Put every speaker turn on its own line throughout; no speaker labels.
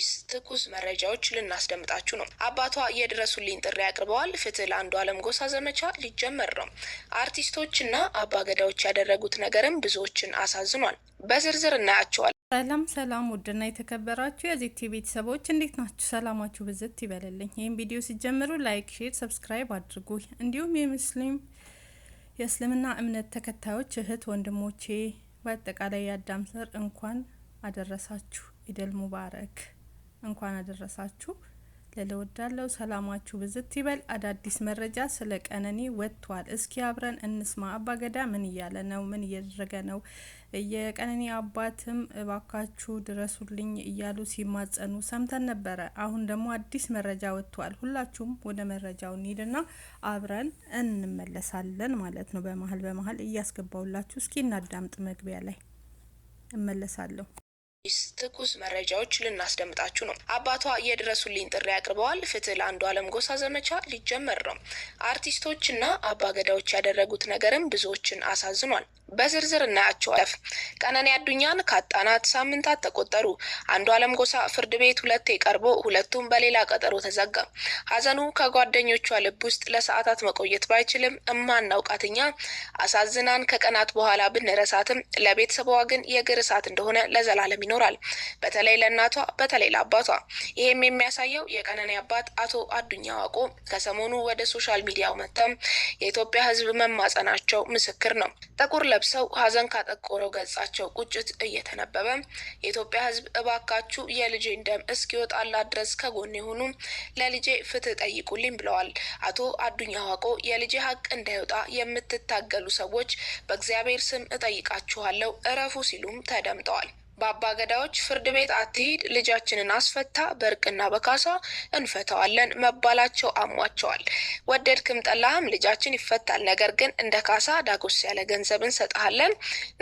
አዳዲስ ትኩስ መረጃዎች ልናስደምጣችሁ ነው። አባቷ የድረሱልኝ ጥሪ አቅርበዋል። ፍትህ ለአንዱ አለም ጎሳ ዘመቻ ሊጀመር ነው። አርቲስቶችና አባገዳዎች ያደረጉት ነገርም ብዙዎችን አሳዝኗል። በዝርዝር እናያቸዋል።
ሰላም ሰላም፣ ውድና የተከበራችሁ የዚህ ቲቪ ቤተሰቦች እንዴት ናችሁ? ሰላማችሁ ብዝት ይበልልኝ። ይህም ቪዲዮ ሲጀምሩ ላይክ፣ ሼር፣ ሰብስክራይብ አድርጉ። እንዲሁም የሙስሊም የእስልምና እምነት ተከታዮች እህት ወንድሞቼ፣ በአጠቃላይ የአዳም ዘር እንኳን አደረሳችሁ ኢደል ሙባረክ እንኳን አደረሳችሁ። ለለወዳለው ሰላማችሁ ብዝት ይበል። አዳዲስ መረጃ ስለ ቀነኒ ወጥቷል። እስኪ አብረን እንስማ። አባገዳ ምን እያለ ነው? ምን እያደረገ ነው? የቀነኒ አባትም እባካችሁ ድረሱልኝ እያሉ ሲማጸኑ ሰምተን ነበረ። አሁን ደግሞ አዲስ መረጃ ወጥቷል። ሁላችሁም ወደ መረጃው እንሂድና አብረን እንመለሳለን ማለት ነው። በመሀል በመሀል እያስገባውላችሁ እስኪ እናዳምጥ። መግቢያ ላይ እመለሳለሁ።
ትኩስ መረጃዎች ልናስደምጣችሁ ነው። አባቷ የድረሱልኝ ጥሪ አቅርበዋል። ፍትህ ለአንዱ አለም ጎሳ ዘመቻ ሊጀመር ነው። አርቲስቶችና አባገዳዎች ያደረጉት ነገርም ብዙዎችን አሳዝኗል። በዝርዝር እናያቸዋለን። ቀነኔ አዱኛን ካጣናት ሳምንታት ተቆጠሩ። አንዱ አለም ጎሳ ፍርድ ቤት ሁለቴ ቀርቦ ሁለቱም በሌላ ቀጠሮ ተዘጋ። ሀዘኑ ከጓደኞቿ ልብ ውስጥ ለሰዓታት መቆየት ባይችልም እማናውቃት አሳዝናን ከቀናት በኋላ ብንረሳትም ለቤተሰቧ ግን የግር እሳት እንደሆነ ለዘላለም ይኖራል። በተለይ ለእናቷ በተለይ ለአባቷ። ይህም የሚያሳየው የቀነኔ አባት አቶ አዱኛ ዋቆ ከሰሞኑ ወደ ሶሻል ሚዲያው መጥተም የኢትዮጵያ ሕዝብ መማጸናቸው ምስክር ነው። ጥቁር ለብሰው ሀዘን ካጠቆረው ገጻቸው ቁጭት እየተነበበ የኢትዮጵያ ሕዝብ እባካችሁ የልጄን ደም እስኪወጣላ ድረስ ከጎን የሆኑ ለልጄ ፍትህ ጠይቁልኝ ብለዋል። አቶ አዱኛ ዋቆ የልጄ ሀቅ እንዳይወጣ የምትታገሉ ሰዎች በእግዚአብሔር ስም እጠይቃችኋለሁ እረፉ ሲሉም ተደምጠዋል። በአባገዳዎች ፍርድ ቤት አትሂድ፣ ልጃችንን አስፈታ፣ በእርቅና በካሳ እንፈተዋለን መባላቸው አሟቸዋል። ወደድክም ጠላህም ልጃችን ይፈታል፣ ነገር ግን እንደ ካሳ ዳጎስ ያለ ገንዘብ እንሰጥሃለን፣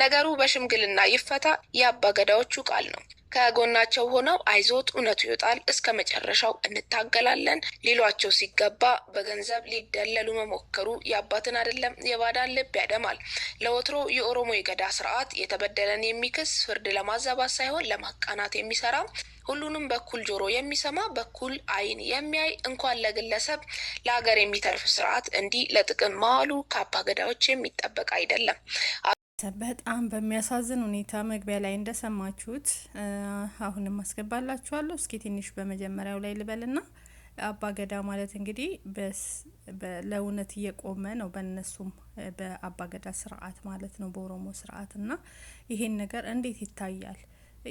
ነገሩ በሽምግልና ይፈታ የአባገዳዎቹ ቃል ነው። ከጎናቸው ሆነው አይዞት እውነቱ ይወጣል፣ እስከ መጨረሻው እንታገላለን ሊሏቸው ሲገባ በገንዘብ ሊደለሉ መሞከሩ የአባትን አይደለም የባዳን ልብ ያደማል። ለወትሮ የኦሮሞ የገዳ ስርዓት የተበደለን የሚክስ ፍርድ ለማዛባት ሳይሆን ለማቃናት የሚሰራ ሁሉንም በኩል ጆሮ የሚሰማ በኩል አይን የሚያይ እንኳን ለግለሰብ ለሀገር የሚተርፍ ስርዓት እንዲህ ለጥቅም ማዋሉ ከአባ ገዳዎች የሚጠበቅ አይደለም።
በጣም በሚያሳዝን ሁኔታ መግቢያ ላይ እንደሰማችሁት አሁንም አስገባላችኋለሁ። እስኪ ትንሽ በመጀመሪያው ላይ ልበልና አባ ገዳ ማለት እንግዲህ ለእውነት እየቆመ ነው። በእነሱም በአባ ገዳ ስርዓት ማለት ነው፣ በኦሮሞ ስርዓት እና ይሄን ነገር እንዴት ይታያል?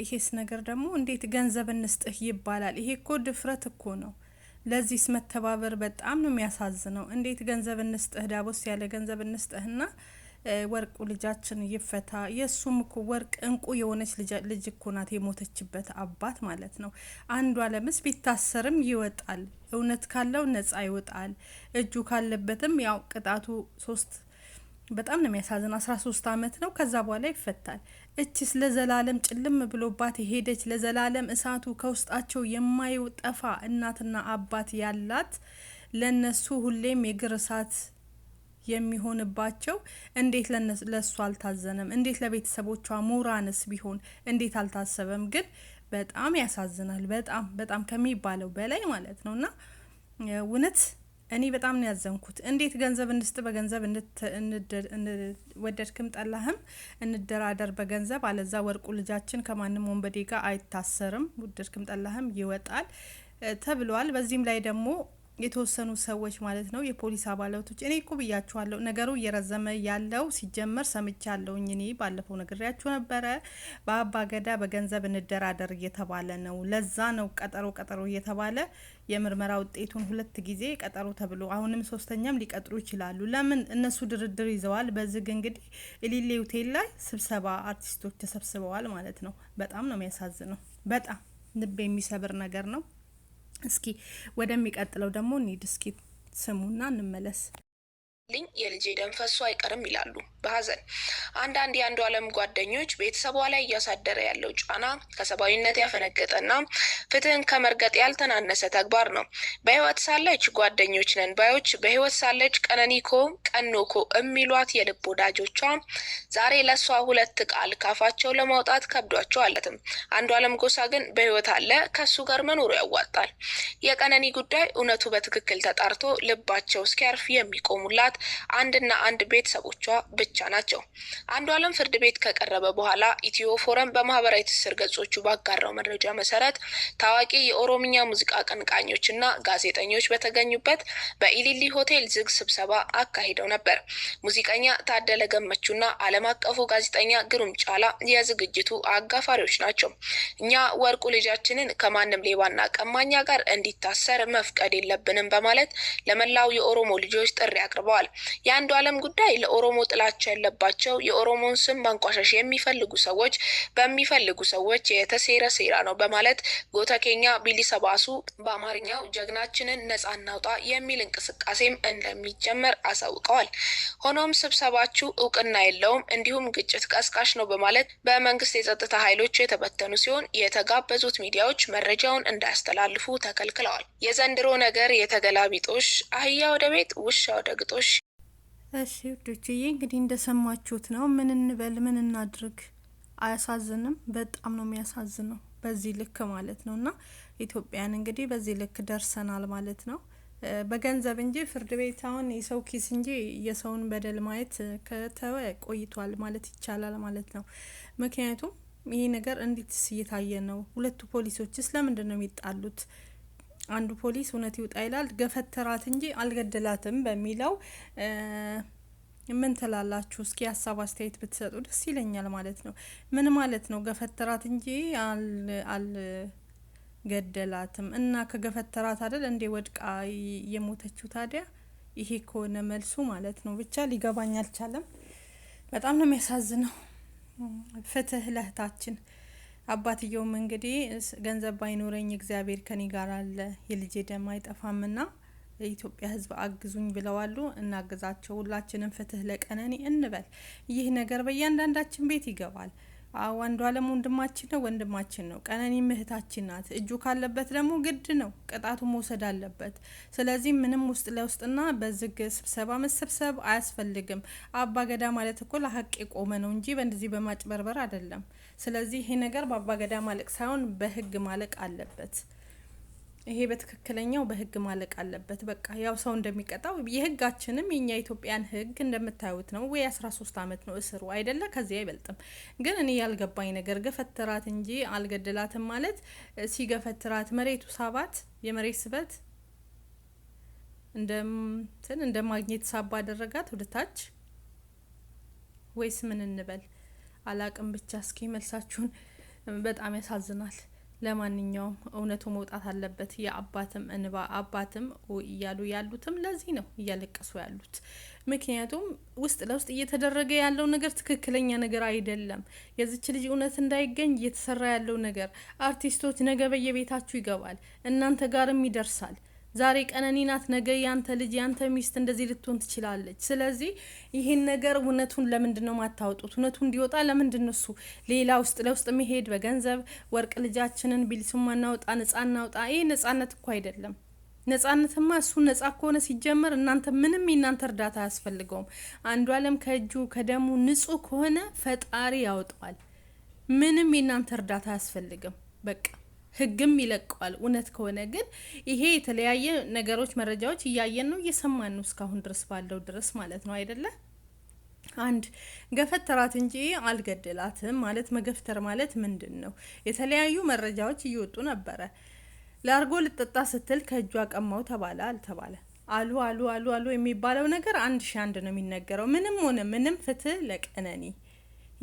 ይሄስ ነገር ደግሞ እንዴት ገንዘብ እንስጥህ ይባላል? ይሄ እኮ ድፍረት እኮ ነው። ለዚህስ መተባበር በጣም ነው የሚያሳዝነው። እንዴት ገንዘብ እንስጥህ ዳቦስ ያለ ገንዘብ እንስጥህና ወርቁ ልጃችን ይፈታ። የእሱም እኮ ወርቅ እንቁ የሆነች ልጅ እኮ ናት የሞተችበት አባት ማለት ነው። አንዱ አለምስ ቢታሰርም ይወጣል። እውነት ካለው ነጻ ይወጣል። እጁ ካለበትም ያው ቅጣቱ ሶስት በጣም ነው የሚያሳዝን። አስራ ሶስት አመት ነው። ከዛ በኋላ ይፈታል። እችስ ለዘላለም ጭልም ብሎባት ሄደች። ለዘላለም እሳቱ ከውስጣቸው የማይጠፋ እናትና አባት ያላት ለነሱ ሁሌም የግር እሳት የሚሆንባቸው እንዴት ለእሱ አልታዘነም? እንዴት ለቤተሰቦቿ ሞራንስ ቢሆን እንዴት አልታሰበም? ግን በጣም ያሳዝናል። በጣም በጣም ከሚባለው በላይ ማለት ነው። እና እውነት እኔ በጣም ነው ያዘንኩት። እንዴት ገንዘብ እንስጥ፣ በገንዘብ ወደድክም ጠላህም እንደራደር በገንዘብ አለዛ ወርቁ ልጃችን ከማንም ወንበዴ ጋር አይታሰርም፣ ወደድክም ጠላህም ይወጣል ተብሏል። በዚህም ላይ ደግሞ የተወሰኑ ሰዎች ማለት ነው የፖሊስ አባላቶች እኔ እኮ ብያችኋለሁ፣ ነገሩ እየረዘመ ያለው ሲጀመር ሰምቻለሁኝ። እኔ ባለፈው ነግሬያችሁ ነበረ። በአባ ገዳ በገንዘብ እንደራደር እየተባለ ነው። ለዛ ነው ቀጠሮ ቀጠሮ እየተባለ የምርመራ ውጤቱን ሁለት ጊዜ ቀጠሮ ተብሎ አሁንም ሶስተኛም ሊቀጥሩ ይችላሉ። ለምን እነሱ ድርድር ይዘዋል። በዝግ እንግዲህ እሊሌ ሆቴል ላይ ስብሰባ አርቲስቶች ተሰብስበዋል ማለት ነው። በጣም ነው የሚያሳዝነው። በጣም ልብ የሚሰብር ነገር ነው። እስኪ ወደሚቀጥለው ደግሞ እንሂድ። እስኪ ስሙና እንመለስ።
ልኝ የልጄ ደም ፈሶ አይቀርም ይላሉ በሀዘን። አንዳንድ የአንዱ አለም ጓደኞች ቤተሰቧ ላይ እያሳደረ ያለው ጫና ከሰብአዊነት ያፈነገጠና ፍትህን ከመርገጥ ያልተናነሰ ተግባር ነው። በህይወት ሳለች ጓደኞች ነን ባዮች፣ በህይወት ሳለች ቀነኒኮ ቀኖኮ የሚሏት የልብ ወዳጆቿ ዛሬ ለእሷ ሁለት ቃል ካፋቸው ለማውጣት ከብዷቸው አለትም። አንዱ አለም ጎሳ ግን በህይወት አለ፣ ከሱ ጋር መኖሩ ያዋጣል። የቀነኒ ጉዳይ እውነቱ በትክክል ተጣርቶ ልባቸው እስኪያርፍ የሚቆሙላት አንድና አንድ ቤተሰቦቿ ብቻ ናቸው። አንዱ አለም ፍርድ ቤት ከቀረበ በኋላ ኢትዮ ፎረም በማህበራዊ ትስስር ገጾቹ ባጋራው መረጃ መሰረት ታዋቂ የኦሮምኛ ሙዚቃ አቀንቃኞች እና ጋዜጠኞች በተገኙበት በኢሊሊ ሆቴል ዝግ ስብሰባ አካሂደው ነበር። ሙዚቀኛ ታደለ ገመቹና ዓለም አቀፉ ጋዜጠኛ ግሩም ጫላ የዝግጅቱ አጋፋሪዎች ናቸው። እኛ ወርቁ ልጃችንን ከማንም ሌባና ቀማኛ ጋር እንዲታሰር መፍቀድ የለብንም በማለት ለመላው የኦሮሞ ልጆች ጥሪ አቅርበዋል። ገልጸዋል። የአንዱ ዓለም ጉዳይ ለኦሮሞ ጥላቻ ያለባቸው የኦሮሞን ስም ማንቋሻሽ የሚፈልጉ ሰዎች በሚፈልጉ ሰዎች የተሴረ ሴራ ነው በማለት ጎተኬኛ ቢሊሰ ባሱ በአማርኛው ጀግናችንን ነጻ እናውጣ የሚል እንቅስቃሴም እንደሚጀመር አሳውቀዋል። ሆኖም ስብሰባችሁ እውቅና የለውም እንዲሁም ግጭት ቀስቃሽ ነው በማለት በመንግስት የጸጥታ ኃይሎች የተበተኑ ሲሆን የተጋበዙት ሚዲያዎች መረጃውን እንዳያስተላልፉ ተከልክለዋል። የዘንድሮ ነገር የተገላቢጦሽ አህያ ወደ ቤት ውሻ ወደ ግጦሽ
እሺ ውዶችዬ እንግዲህ እንደሰማችሁት ነው። ምን እንበል ምን እናድርግ? አያሳዝንም? በጣም ነው የሚያሳዝነው በዚህ ልክ ማለት ነው። እና ኢትዮጵያን እንግዲህ በዚህ ልክ ደርሰናል ማለት ነው። በገንዘብ እንጂ ፍርድ ቤት አሁን የሰው ኪስ እንጂ የሰውን በደል ማየት ከተወ ቆይቷል ማለት ይቻላል ማለት ነው። ምክንያቱም ይሄ ነገር እንዴትስ እየታየ ነው? ሁለቱ ፖሊሶችስ ለምንድን ነው የሚጣሉት? አንዱ ፖሊስ እውነት ይውጣ ይላል ገፈትራት እንጂ አልገደላትም በሚለው ምን ትላላችሁ? እስኪ ሀሳብ አስተያየት ብትሰጡ ደስ ይለኛል ማለት ነው። ምን ማለት ነው? ገፈትራት እንጂ አልገደላትም እና ከገፈትራት አደል እንዴ ወድቃ የሞተችው ታዲያ? ይሄ ከሆነ መልሱ ማለት ነው። ብቻ ሊገባኝ አልቻለም። በጣም ነው የሚያሳዝነው። ፍትህ ለእህታችን አባትየውም እንግዲህ ገንዘብ ባይኖረኝ እግዚአብሔር ከኔ ጋር አለ የልጄ ደም አይጠፋምና የኢትዮጵያ ሕዝብ አግዙኝ ብለዋሉ። እናግዛቸው። ሁላችንም ፍትህ ለቀነኒ እንበል። ይህ ነገር በእያንዳንዳችን ቤት ይገባል። አዎ አንዱ አለም ወንድማችን ነው፣ ወንድማችን ነው። ቀነኒም እህታችን ናት። እጁ ካለበት ደግሞ ግድ ነው ቅጣቱ መውሰድ አለበት። ስለዚህ ምንም ውስጥ ለውስጥና በዝግ ስብሰባ መሰብሰብ አያስፈልግም። አባገዳ ማለት እኮ ለሀቅ የቆመ ነው እንጂ በእንደዚህ በማጭበርበር አይደለም። ስለዚህ ይሄ ነገር በአባገዳ ማለቅ ሳይሆን በህግ ማለቅ አለበት። ይሄ በትክክለኛው በህግ ማለቅ አለበት። በቃ ያው ሰው እንደሚቀጣው የህጋችንም የኛ ኢትዮጵያን ህግ እንደምታዩት ነው ወይ አስራ ሶስት አመት ነው እስሩ አይደለ? ከዚህ አይበልጥም። ግን እኔ ያልገባኝ ነገር ገፈትራት እንጂ አልገደላትም ማለት ሲገፈትራት መሬቱ ሳባት የመሬት ስበት እንደምትን እንደ ማግኘት ሳባ አደረጋት ወደታች ወይስ ምን እንበል አላቅም። ብቻ እስኪ መልሳችሁን። በጣም ያሳዝናል። ለማንኛውም እውነቱ መውጣት አለበት። የአባትም እንባ አባትም እያሉ ያሉትም ለዚህ ነው እያለቀሱ ያሉት። ምክንያቱም ውስጥ ለውስጥ እየተደረገ ያለው ነገር ትክክለኛ ነገር አይደለም። የዚች ልጅ እውነት እንዳይገኝ እየተሰራ ያለው ነገር አርቲስቶች ነገ በየቤታችሁ ይገባል፣ እናንተ ጋርም ይደርሳል። ዛሬ ቀነኒ ናት፣ ነገ ያንተ ልጅ ያንተ ሚስት እንደዚህ ልትሆን ትችላለች። ስለዚህ ይህን ነገር እውነቱን ለምንድን ነው ማታወጡት? እውነቱ እንዲወጣ ለምንድን ነው እሱ ሌላ ውስጥ ለውስጥ መሄድ? በገንዘብ ወርቅ ልጃችንን ቢልስም እናውጣ፣ ነጻ እናውጣ። ይህ ነጻነት እኮ አይደለም። ነጻነትማ እሱ ነጻ ከሆነ ሲጀመር እናንተ ምንም የእናንተ እርዳታ አያስፈልገውም። አንዱ አለም ከእጁ ከደሙ ንጹህ ከሆነ ፈጣሪ ያወጣዋል። ምንም የእናንተ እርዳታ አያስፈልግም። በቃ ህግም ይለቀዋል። እውነት ከሆነ ግን ይሄ የተለያየ ነገሮች መረጃዎች እያየን ነው እየሰማን ነው እስካሁን ድረስ ባለው ድረስ ማለት ነው አይደለ? አንድ ገፈተራት እንጂ አልገደላትም ማለት መገፍተር ማለት ምንድን ነው? የተለያዩ መረጃዎች እየወጡ ነበረ። ለአርጎ ልጠጣ ስትል ከእጇ ቀማው ተባለ አልተባለ አሉ አሉ አሉ አሉ የሚባለው ነገር አንድ ሺ አንድ ነው የሚነገረው። ምንም ሆነ ምንም ፍትህ ለቀነኒ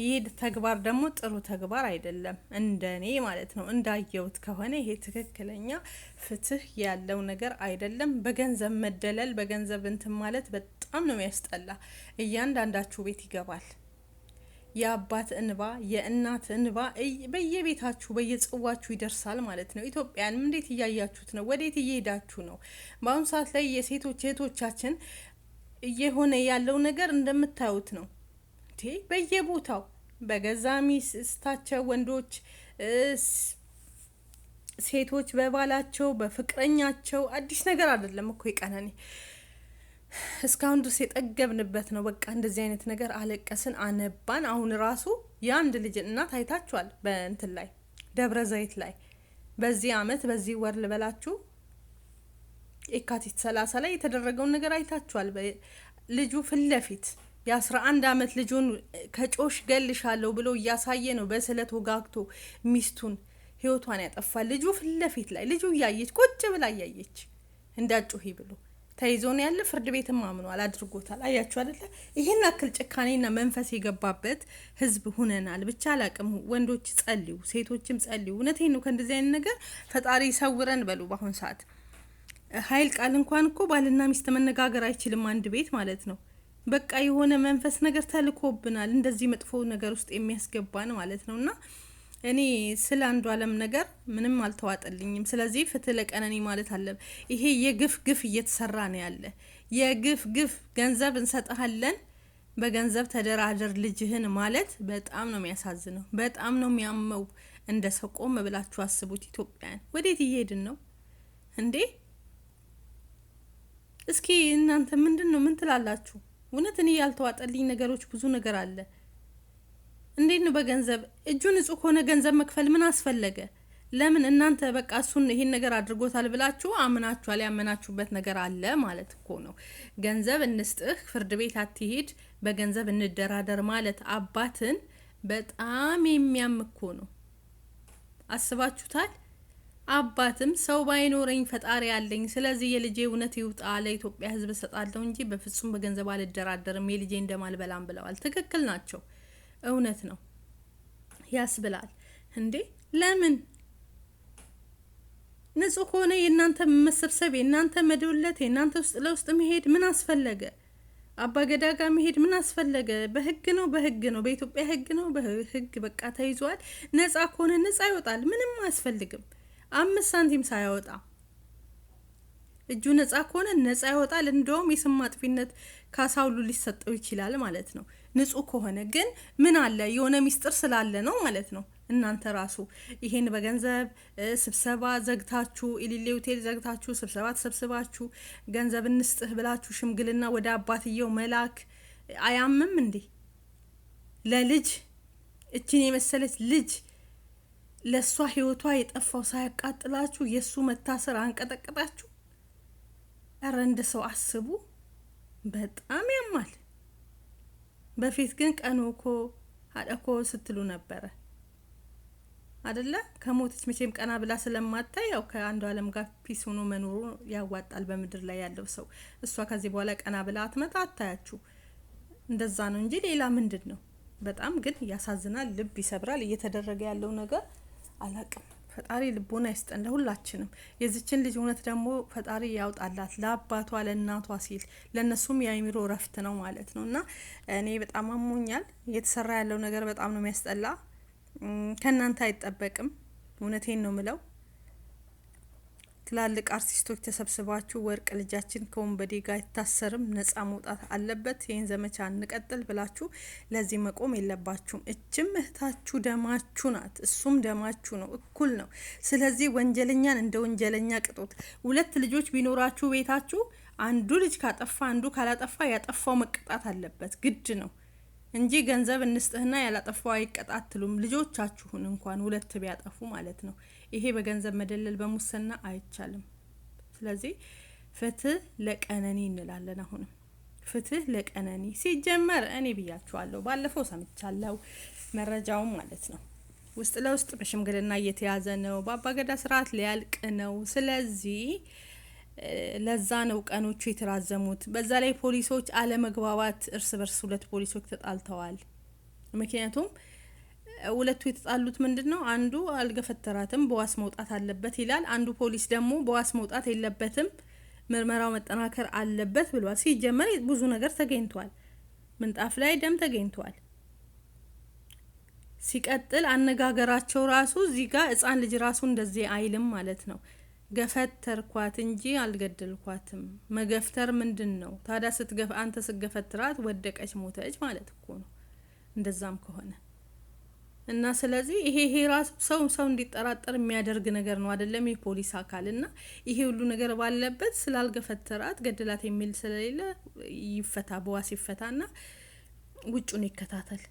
ይህ ተግባር ደግሞ ጥሩ ተግባር አይደለም፣ እንደኔ ማለት ነው። እንዳየሁት ከሆነ ይሄ ትክክለኛ ፍትህ ያለው ነገር አይደለም። በገንዘብ መደለል፣ በገንዘብ እንትን ማለት በጣም ነው የሚያስጠላ። እያንዳንዳችሁ ቤት ይገባል። የአባት እንባ፣ የእናት እንባ በየቤታችሁ በየጽዋችሁ ይደርሳል ማለት ነው። ኢትዮጵያን እንዴት እያያችሁት ነው? ወዴት እየሄዳችሁ ነው? በአሁኑ ሰዓት ላይ የሴቶች እህቶቻችን እየሆነ ያለው ነገር እንደምታዩት ነው። በየቦታው በገዛ ሚስታቸው ወንዶች፣ ሴቶች በባላቸው በፍቅረኛቸው። አዲስ ነገር አይደለም እኮ የቀነኔ እስካሁን ድረስ የጠገብንበት ነው። በቃ እንደዚህ አይነት ነገር አለቀስን፣ አነባን። አሁን ራሱ የአንድ ልጅ እናት አይታችኋል፣ በእንትን ላይ ደብረ ዘይት ላይ በዚህ አመት በዚህ ወር ልበላችሁ የካቲት ሰላሳ ላይ የተደረገውን ነገር አይታችኋል። ልጁ ፊት ለፊት የ11 ዓመት ልጁን ከጮሽ ገልሻለሁ ብሎ እያሳየ ነው በስለት ወጋግቶ ሚስቱን ህይወቷን ያጠፋል። ልጁ ፊት ላይ ልጁ እያየች ቁጭ ብላ እያየች እንዳጮሂ ብሎ ተይዞ ነው ያለ። ፍርድ ቤትም አምኗል፣ አድርጎታል። አያችሁ አይደለ? ይህን አክል ጭካኔና መንፈስ የገባበት ህዝብ ሁነናል። ብቻ አላቅም። ወንዶች ጸልዩ፣ ሴቶችም ጸልዩ። እውነቴን ነው። ከእንደዚህ አይነት ነገር ፈጣሪ ይሰውረን በሉ። በአሁን ሰዓት ሀይል ቃል እንኳን እኮ ባልና ሚስት መነጋገር አይችልም አንድ ቤት ማለት ነው። በቃ የሆነ መንፈስ ነገር ተልኮብናል፣ እንደዚህ መጥፎ ነገር ውስጥ የሚያስገባን ማለት ነው። እና እኔ ስለ አንዱ አለም ነገር ምንም አልተዋጠልኝም። ስለዚህ ፍትህ ለቀነኒ ማለት አለም ይሄ የግፍ ግፍ እየተሰራ ነው ያለ የግፍ ግፍ ገንዘብ እንሰጥሃለን በገንዘብ ተደራደር ልጅህን ማለት በጣም ነው የሚያሳዝነው። በጣም ነው የሚያመው። እንደ ሰው ቆም ብላችሁ አስቡት። ኢትዮጵያን ወዴት እየሄድን ነው እንዴ? እስኪ እናንተ ምንድን ነው ምን ትላላችሁ? እውነት እኔ ያልተዋጠልኝ ነገሮች ብዙ ነገር አለ። እንዴት ነው በገንዘብ እጁ ንጹህ ከሆነ ገንዘብ መክፈል ምን አስፈለገ? ለምን እናንተ በቃ እሱን ይሄን ነገር አድርጎታል ብላችሁ አምናችኋል። ያመናችሁበት ነገር አለ ማለት እኮ ነው። ገንዘብ እንስጥህ፣ ፍርድ ቤት አትሄድ፣ በገንዘብ እንደራደር ማለት አባትን በጣም የሚያም እኮ ነው። አስባችሁታል? አባትም ሰው ባይኖረኝ ፈጣሪ ያለኝ፣ ስለዚህ የልጄ እውነት ይውጣ፣ ለኢትዮጵያ ሕዝብ እሰጣለሁ እንጂ በፍጹም በገንዘብ አልደራደርም፣ የልጄ እንደማልበላም ብለዋል። ትክክል ናቸው። እውነት ነው ያስብላል። እንዴ ለምን ንጹህ ከሆነ የእናንተ መሰብሰብ፣ የእናንተ መደውለት፣ የእናንተ ውስጥ ለውስጥ መሄድ ምን አስፈለገ? አባ ገዳ ጋር መሄድ ምን አስፈለገ? በህግ ነው በህግ ነው በኢትዮጵያ ህግ ነው በህግ በቃ ተይዟል። ነጻ ከሆነ ነጻ ይወጣል። ምንም አያስፈልግም። አምስት ሳንቲም ሳያወጣ እጁ ነጻ ከሆነ ነጻ ይወጣል። እንደውም የስም ማጥፊነት ካሳ ሁሉ ሊሰጠው ይችላል ማለት ነው። ንጹህ ከሆነ ግን ምን አለ የሆነ ሚስጥር ስላለ ነው ማለት ነው። እናንተ ራሱ ይሄን በገንዘብ ስብሰባ ዘግታችሁ ኢሊሌ ሆቴል ዘግታችሁ ስብሰባ ተሰብስባችሁ ገንዘብ እንስጥህ ብላችሁ ሽምግልና ወደ አባትየው መላክ አያምም እንዴ? ለልጅ እችን የመሰለች ልጅ ለእሷ ህይወቷ የጠፋው ሳያቃጥላችሁ የእሱ መታሰር አንቀጠቀጣችሁ? እረ እንደ ሰው አስቡ። በጣም ያማል። በፊት ግን ቀኑ እኮ አደኮ ስትሉ ነበረ አደለ? ከሞተች መቼም ቀና ብላ ስለማታይ ያው ከአንዱ አለም ጋር ፒስ ሆኖ መኖሩ ያዋጣል። በምድር ላይ ያለው ሰው እሷ ከዚህ በኋላ ቀና ብላ አትመጣ አታያችሁ። እንደዛ ነው እንጂ ሌላ ምንድን ነው? በጣም ግን ያሳዝናል፣ ልብ ይሰብራል እየተደረገ ያለው ነገር። አላቅም። ፈጣሪ ልቦና ይስጠን ለሁላችንም። የዚችን ልጅ እውነት ደግሞ ፈጣሪ ያውጣላት ለአባቷ ለእናቷ ሲል ለእነሱም የአይምሮ እረፍት ነው ማለት ነው። እና እኔ በጣም አሞኛል። እየተሰራ ያለው ነገር በጣም ነው የሚያስጠላ። ከእናንተ አይጠበቅም። እውነቴን ነው ምለው ትላልቅ አርቲስቶች ተሰብስባችሁ ወርቅ ልጃችን ከወንበዴ ጋር አይታሰርም፣ ነጻ መውጣት አለበት፣ ይህን ዘመቻ እንቀጥል ብላችሁ ለዚህ መቆም የለባችሁም። እችም እህታችሁ ደማችሁ ናት፣ እሱም ደማችሁ ነው፣ እኩል ነው። ስለዚህ ወንጀለኛን እንደ ወንጀለኛ ቅጡት። ሁለት ልጆች ቢኖራችሁ ቤታችሁ አንዱ ልጅ ካጠፋ አንዱ ካላጠፋ ያጠፋው መቀጣት አለበት፣ ግድ ነው እንጂ ገንዘብ እንስጥህና ያላጠፋው አይቀጣትሉም። ልጆቻችሁን እንኳን ሁለት ቢያጠፉ ማለት ነው ይሄ በገንዘብ መደለል በሙስና አይቻልም። ስለዚህ ፍትህ ለቀነኒ እንላለን። አሁንም ፍትህ ለቀነኒ ሲጀመር እኔ ብያችኋለሁ፣ ባለፈው ሰምቻለሁ፣ መረጃውም ማለት ነው ውስጥ ለውስጥ በሽምግልና እየተያዘ ነው። በአባገዳ ስርዓት ሊያልቅ ነው። ስለዚህ ለዛ ነው ቀኖቹ የተራዘሙት። በዛ ላይ ፖሊሶች አለመግባባት፣ እርስ በርስ ሁለት ፖሊሶች ተጣልተዋል። ምክንያቱም ሁለቱ የተጣሉት ምንድን ነው? አንዱ አልገፈተራትም በዋስ መውጣት አለበት ይላል። አንዱ ፖሊስ ደግሞ በዋስ መውጣት የለበትም ምርመራው መጠናከር አለበት ብሏል። ሲጀመር ብዙ ነገር ተገኝቷል። ምንጣፍ ላይ ደም ተገኝቷል። ሲቀጥል አነጋገራቸው ራሱ እዚህ ጋር ሕፃን ልጅ ራሱ እንደዚህ አይልም ማለት ነው። ገፈተርኳት እንጂ አልገደልኳትም። መገፍተር ምንድን ነው ታዲያ? ስትገፍ አንተ ስትገፈትራት ወደቀች፣ ሞተች ማለት እኮ ነው እንደዛም ከሆነ እና ስለዚህ ይሄ ይሄ ራሱ ሰው ሰው እንዲጠራጠር የሚያደርግ ነገር ነው አይደለም? የፖሊስ አካል እና ይሄ ሁሉ ነገር ባለበት ስላልገፈተራት ገደላት የሚል ስለሌለ ይፈታ፣ በዋስ ይፈታና ውጩን ይከታተል።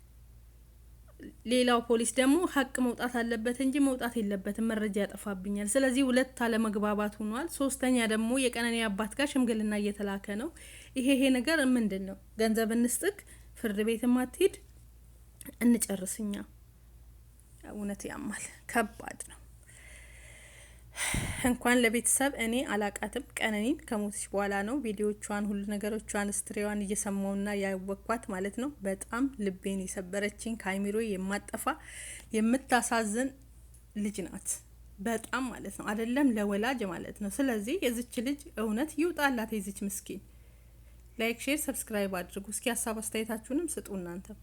ሌላው ፖሊስ ደግሞ ሀቅ መውጣት አለበት እንጂ መውጣት የለበትም፣ መረጃ ያጠፋብኛል። ስለዚህ ሁለት አለመግባባት ሆኗል። ሶስተኛ ደግሞ የቀነኒ አባት ጋር ሽምግልና እየተላከ ነው። ይሄ ይሄ ነገር ምንድን ነው? ገንዘብ እንስጥክ፣ ፍርድ ቤትም አትሂድ፣ እንጨርስኛ እውነት ያማል፣ ከባድ ነው። እንኳን ለቤተሰብ እኔ አላቃትም። ቀነኒን ከሞትች በኋላ ነው ቪዲዮቿን፣ ሁሉ ነገሮቿን፣ ስትሪዋን እየሰማውና ያወቅኳት ማለት ነው። በጣም ልቤን የሰበረችኝ ከአይሚሮ የማጠፋ የምታሳዝን ልጅ ናት። በጣም ማለት ነው አይደለም ለወላጅ ማለት ነው። ስለዚህ የዝች ልጅ እውነት ይውጣላት። የዝች ምስኪን ላይክ፣ ሼር፣ ሰብስክራይብ አድርጉ። እስኪ ሀሳብ አስተያየታችሁንም ስጡ እናንተም